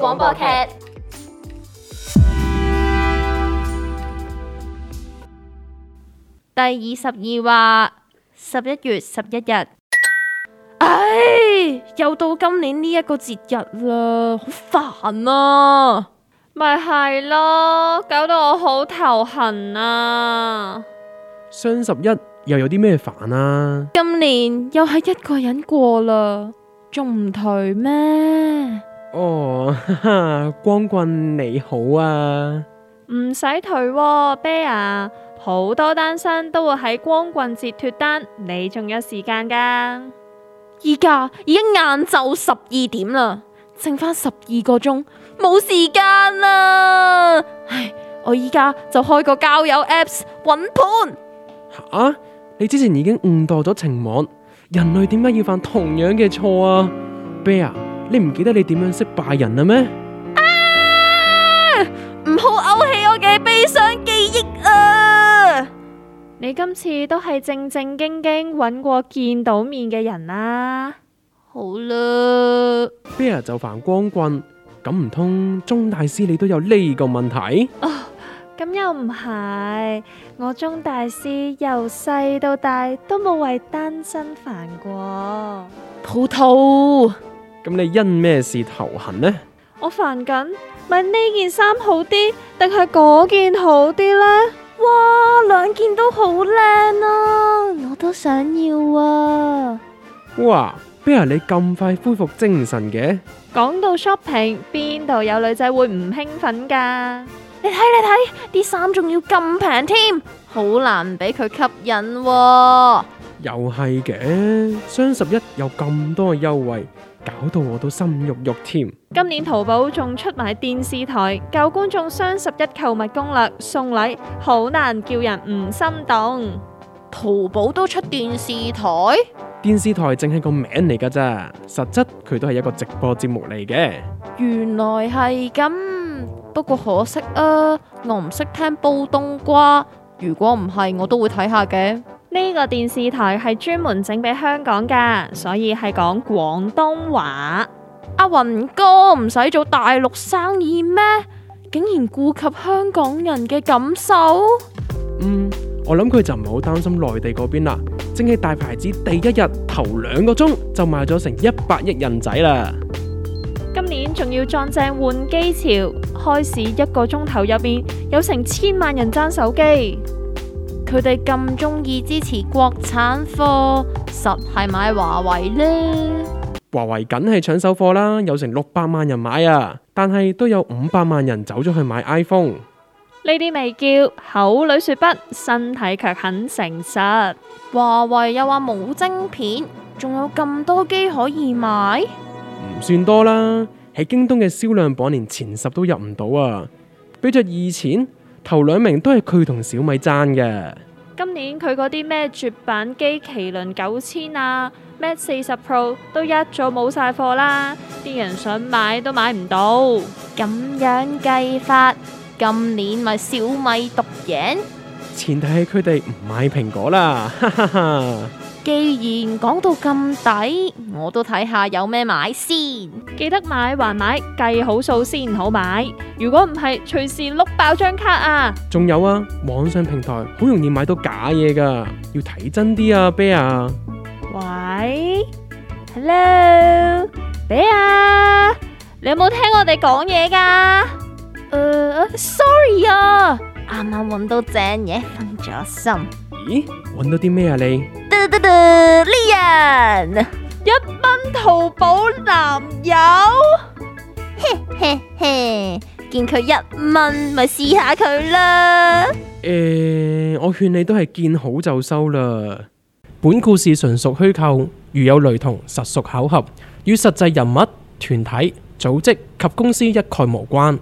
廣播劇第二十二話，十一月十一日，唉、哎，又到今年呢一個節日啦，好煩啊！咪係咯，搞到我好頭痕啊！雙十一又有啲咩煩啊？今年又係一個人過啦，仲唔頹咩？哈哈， 光棍你好啊！唔使退喎，bear，好多單身都會喺光棍節脱單，你仲有時間噶？依家已經晏晝十二點啦，剩返十二個鐘，冇時間啦！唉，我依家就開個交友 apps 揾盤。吓、啊，你之前已經誤墮咗情網，人類點解要犯同樣嘅錯啊？bear。你唔記得你點樣識拜人啦咩？啊！唔好勾起我嘅悲傷記憶啊！你今次都係正正經經揾過見到面嘅人啦，啊。好啦啤牙就煩光棍，咁唔通鍾大師你都有呢個問題？哦，咁又唔係，我鍾大師由細到大都冇為單身煩過。葡萄。咁你因咩事頭痕呢？我煩緊，問呢件衫好啲，定係嗰件好啲呢？哇，兩件都好靚啊，我都想要啊！哇，啤牙你咁快恢復精神嘅？講到 shopping，邊度有女仔會唔興奮噶？你睇你睇，啲衫仲要咁平添，好難俾佢吸引喎。又係嘅，雙十一有咁多優惠，搞到我都心郁郁添。今年淘寶仲出埋電視台教觀眾雙十一購物攻略送禮，送禮好難叫人唔心動。淘寶都出電視台？電視台淨係個名嚟噶啫，實質佢都係一個直播節目嚟嘅。原來係咁，不過可惜啊，我唔識聽煲冬瓜。如果唔係，我都會睇下嘅。呢個電視台係專門整俾香港噶，所以係講廣東話。阿雲哥唔使做大陸生意咩？竟然顧及香港人嘅感受？嗯，我諗佢就唔好擔心內地嗰邊啦。正係大牌子第一日頭兩個鐘就賣咗成一百億人仔啦。今年仲要撞正換機潮，開市一個鐘頭入邊有成千萬人爭手機。佢哋咁中意支持國產貨，實係買華為咧。華為梗係搶手貨啦，有成六百萬人買啊，但係都有五百萬人走咗去買 iPhone。呢啲未叫口裏說不，身體卻很誠實。華為又話冇晶片，仲有咁多機可以買，唔算多啦。喺京東嘅銷量榜，連前十都入唔到啊！比着以前。頭兩名都係佢同小米爭嘅。今年佢嗰啲咩絕版機麒麟九千啊，Mate 四十 Pro 都一早冇晒貨啦，啲人想買都買唔到。咁樣計法，今年咪小米獨贏。前提係佢哋唔買蘋果啦，哈哈哈，哈。既然講到咁抵，我都睇下有咩買先。記得買還買，計好數先好買。如果唔係，隨時碌爆張卡啊！仲有啊，網上平台好容易買到假嘢㗎，要睇真啲啊，啤牙。喂，hello，啤牙，你有冇聽我哋講嘢㗎？誒，sorry 啊，啱啱搵到正嘢，分咗心。咦，搵到啲咩啊你？呢人一蚊淘寶男友，嘿嘿嘿，見佢一蚊咪試下佢啦。誒，我勸你都係見好就收啦。本故事純屬虛構，如有雷同，實屬巧合，與實際人物、團體、組織及公司一概無關。